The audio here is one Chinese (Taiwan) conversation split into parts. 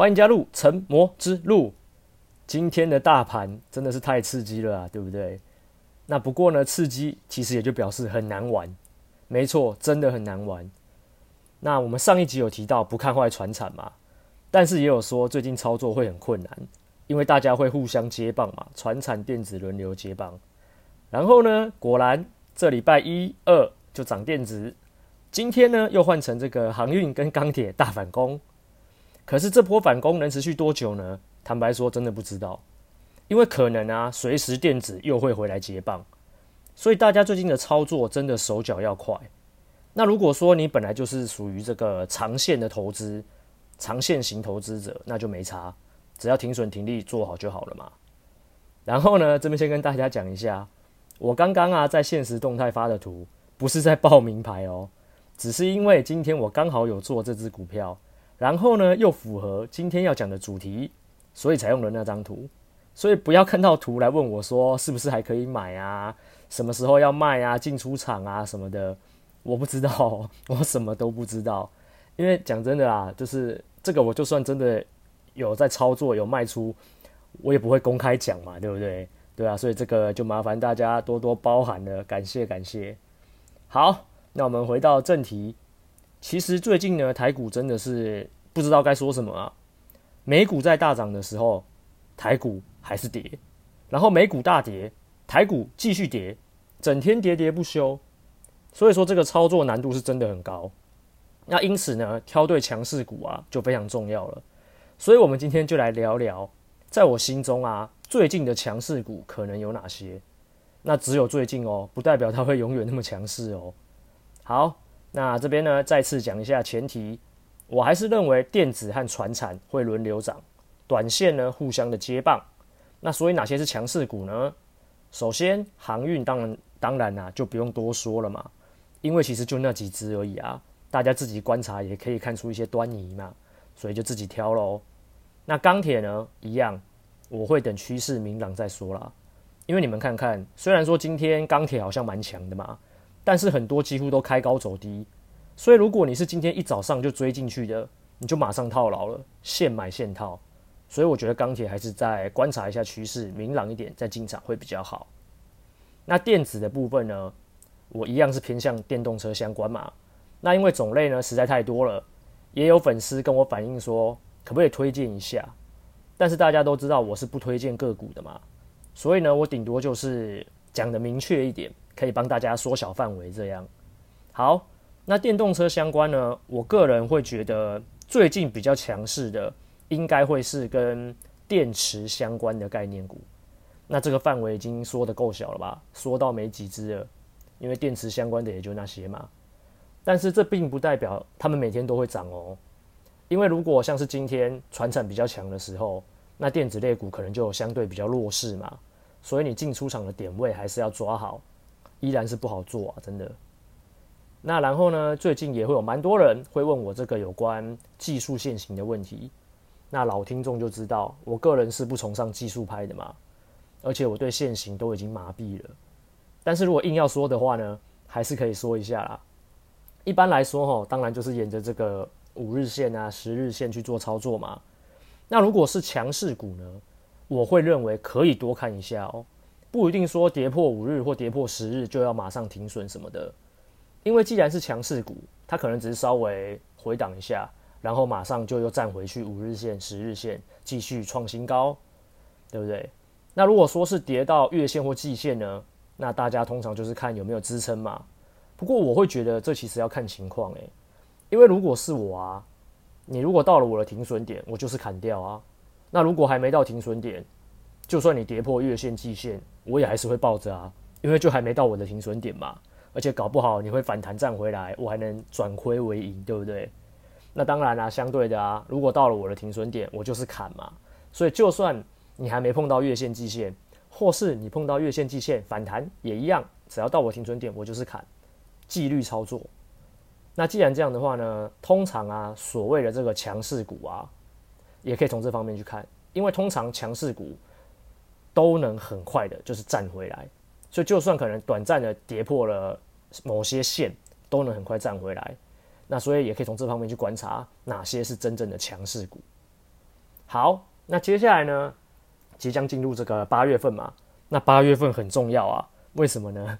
歡迎加入成魔之路。今天的大盤真的是太刺激了啊，對不對？那不過呢，刺激其實也就表示很難玩。沒錯，真的很難玩。那我們上一集有提到不看壞傳產嘛，但是也有說最近操作會很困難，因為大家會互相接棒嘛，傳產、電子輪流接棒。然後呢，果然這禮拜一、二就漲電子，今天呢又換成這個航運跟鋼鐵大反攻。可是這波反攻能持續多久呢？坦白說，真的不知道，因為可能啊，隨時電子又會回來接棒，所以大家最近的操作真的手腳要快。那如果說你本來就是屬於這個長線的投資、長線型投資者，那就沒差，只要停損停利做好就好了嘛。然後呢，這邊先跟大家講一下，我剛剛啊在限時動態發的圖不是在報名牌哦，只是因為今天我剛好有做這支股票。然後呢，又符合今天要講的主題，所以才用了那張圖。所以不要看到圖來問我，說是不是還可以買啊？什麼時候要賣啊？進出場啊什麼的，我不知道，我什麼都不知道。因為講真的啦，就是這個，我就算真的有在操作、有賣出，我也不會公開講嘛，對不對？對啊，所以這個就麻煩大家多多包涵了，感謝感謝。好，那我們回到正題。其實最近呢，台股真的是不知道該說什麼啊。美股在大漲的時候，台股還是跌，然後美股大跌，台股繼續跌，整天跌跌不休。所以說這個操作難度是真的很高。那因此呢，挑對強勢股啊就非常重要了。所以我們今天就來聊聊，在我心中啊，最近的強勢股可能有哪些？那只有最近哦，不代表它會永遠那麼強勢哦。好。那這邊呢，再次講一下前提，我還是認為電子和傳產會輪流漲，短線呢，互相的接棒。那所以哪些是強勢股呢？首先航運當然當然啦，啊，就不用多說了嘛，因為其實就那幾隻而已啊，大家自己觀察也可以看出一些端倪嘛，所以就自己挑嘍。那鋼鐵呢，一樣，我會等趨勢明朗再說啦，因為你們看看，雖然說今天鋼鐵好像蠻強的嘛。但是很多幾乎都開高走低，所以如果你是今天一早上就追進去的，你就馬上套牢了，現買現套。所以我覺得鋼鐵還是再觀察一下趨勢，明朗一點再進場會比較好。那電子的部分呢，我一樣是偏向電動車相關嘛。那因為種類呢實在太多了，也有粉絲跟我反映說，可不可以推薦一下？但是大家都知道我是不推薦個股的嘛，所以呢，我頂多就是講得明確一點。可以幫大家縮小範圍，這樣好。那電動車相關呢？我個人會覺得最近比較強勢的，應該會是跟電池相關的概念股。那這個範圍已經縮得夠小了吧？縮到沒幾隻了，因為電池相關的也就那些嘛。但是這並不代表他們每天都會漲哦，因為如果像是今天傳產比較強的時候，那電子類股可能就相對比較弱勢嘛。所以你進出場的點位還是要抓好。依然是不好做啊，真的。那然後呢？最近也會有蠻多人會問我這個有關技術線型的問題。那老聽眾就知道，我個人是不崇尚技術派的嘛，而且我對線型都已經麻痹了。但是如果硬要說的話呢，還是可以說一下啦。一般來說哈、哦，當然就是沿着這個五日線啊、十日線去做操作嘛。那如果是強勢股呢，我會認為可以多看一下哦。不一定說跌破五日或跌破十日就要馬上停損什麼的，因為既然是強勢股，它可能只是稍微回檔一下，然後馬上就又站回去五日線、十日線，繼續創新高，對不對？那如果說是跌到月線或季線呢？那大家通常就是看有沒有支撐嘛。不過我會覺得這其實要看情況誒、欸，因為如果是我啊，你如果到了我的停損點，我就是砍掉啊。那如果還沒到停損點，就算你跌破月線、季線，我也還是會抱着啊，因為就還沒到我的停損點嘛。而且搞不好你會反彈站回來，我還能轉虧為盈，對不對？那當然啦，相對的啊，如果到了我的停損點，我就是砍嘛。所以就算你還沒碰到月線、季線，或是你碰到月線、季線反彈也一樣，只要到我停損點，我就是砍，紀律操作。那既然這樣的話呢，通常啊，所謂的這個強勢股啊，也可以從這方面去看，因為通常強勢股，都能很快的，就是站回來，所以就算可能短暫的跌破了某些線，都能很快站回來。那所以也可以從這方面去觀察哪些是真正的強勢股。好，那接下來呢？即將進入這個八月份嘛，那八月份很重要啊。為什麼呢？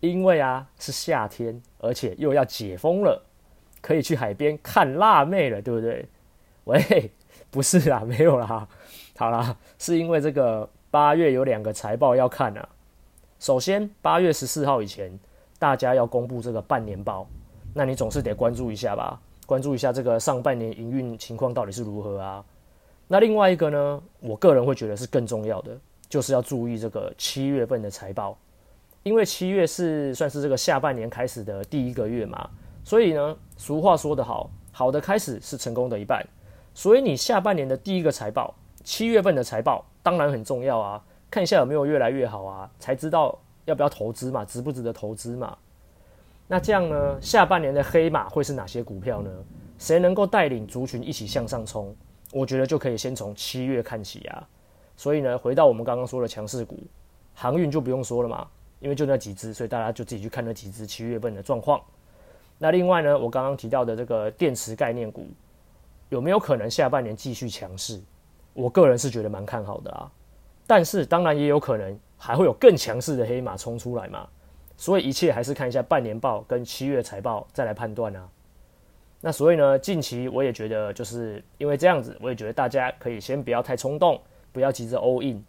因為啊是夏天，而且又要解封了，可以去海邊看辣妹了，對不對？喂，不是啊，沒有啦。好啦，是因為這個。八月有兩個財報要看啊。首先，八月十四號以前，大家要公布這個半年報，那你總是得關注一下吧？關注一下這個上半年營運情況到底是如何啊？那另外一個呢，我個人會覺得是更重要的，就是要注意這個七月份的財報，因為七月是算是這個下半年開始的第一個月嘛，所以呢，俗話說得好，好的開始是成功的一半，所以你下半年的第一個財報，七月份的財報。當然很重要啊，看一下有沒有越來越好啊，才知道要不要投資嘛，值不值得投資嘛。那這樣呢，下半年的黑馬會是哪些股票呢？誰能夠帶領族群一起向上衝？我覺得就可以先從七月看起啊。所以呢，回到我們剛剛說的強勢股，航運就不用說了嘛，因為就那幾隻，所以大家就自己去看那幾隻七月份的狀況。那另外呢，我剛剛提到的這個電池概念股，有沒有可能下半年繼續強勢？我個人是覺得蠻看好的啊，但是當然也有可能還會有更強勢的黑馬衝出來嘛，所以一切還是看一下半年報跟七月財報再來判斷啊。那所以呢，近期我也覺得就是因為這樣子，我也覺得大家可以先不要太衝動，不要急着 all in，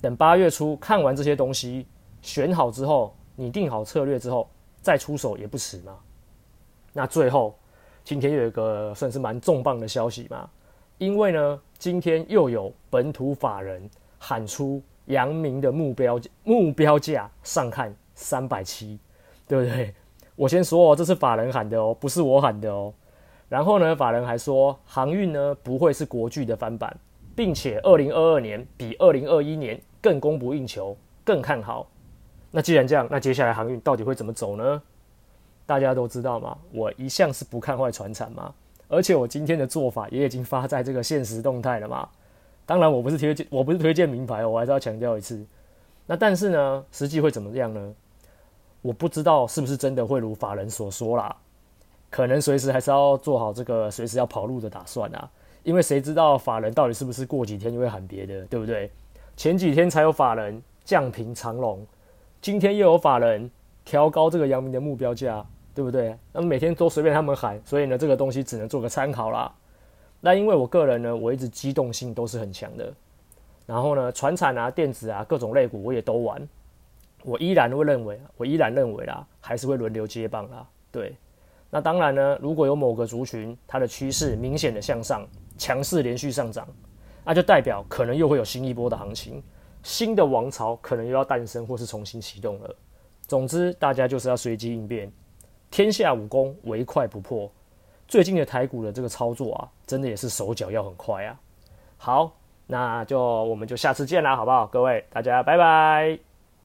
等八月初看完這些東西選好之後，你定好策略之後再出手也不遲嘛。那最後今天有一個算是蠻重磅的消息嘛。因為呢，今天又有本土法人喊出陽明的目標目標價，上看三百七，對不對？我先說哦，這是法人喊的哦，不是我喊的哦。然後呢，法人還說航運呢不會是國巨的翻版，並且二零二二年比二零二一年更供不應求，更看好。那既然這樣，那接下來航運到底會怎麼走呢？大家都知道嗎？我一向是不看壞傳產嘛。而且我今天的做法也已經發在這個限時動態了嘛。當然我不是推薦，我不是推薦明牌，我還是要強調一次。那但是呢，實際會怎麼樣呢？我不知道是不是真的會如法人所說啦，可能隨時還是要做好這個隨時要跑路的打算啊，因為誰知道法人到底是不是過幾天就會喊別的，對不對？前幾天才有法人降評長榮，今天又有法人調高這個陽明的目標價。對不對？那麼每天都隨便他們喊，所以呢，這個東西只能做個參考啦。那因為我個人呢，我一直機動性都是很強的。然後呢，傳產啊、電子啊各種類股我也都玩，我依然會認為，我依然認為啦，還是會輪流接棒啦。對，那當然呢，如果有某個族群它的趨勢明顯的向上，強勢連續上漲，那就代表可能又會有新一波的行情，新的王朝可能又要誕生或是重新啟動了。總之，大家就是要隨機應變。天下武功，唯快不破。最近的台股的這個操作啊，真的也是手腳要很快啊。好，那就我們就下次見啦，好不好？各位大家，拜拜。